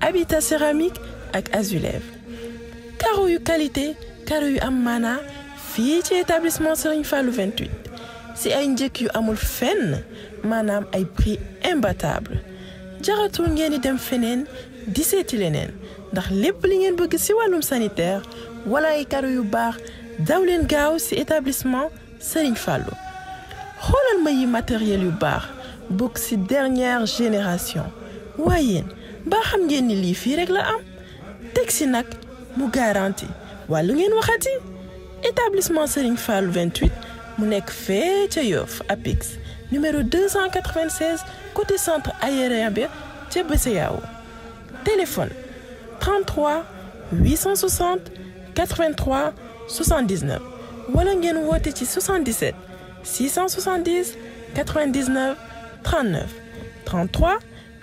habitat céramique ak Azulev carreaux yu qualité carreaux yu am fit et ci établissement Serigne Fallou 28 si ay njëkk yu amul fenn manam ay prix imbattable jaratul ngeen di dem feneen di lenen ndax lepp li ngeen bëgg si walum sanitaire wala ay carreaux yu baax daw gaaw si établissement Serigne Fallou xolal ma yi matériel yu baax bokk si dernière génération waaye ba xam ngeen ni lii fii rek la am teg si nag garanti wàllu ngeen waxati établissement Serigne Fall 28 mu nekk fee ca numéro 296 côté centre aérien bi ca téléphone 33 860 83 79 wala ngeen woote ci 77 670 99 39 33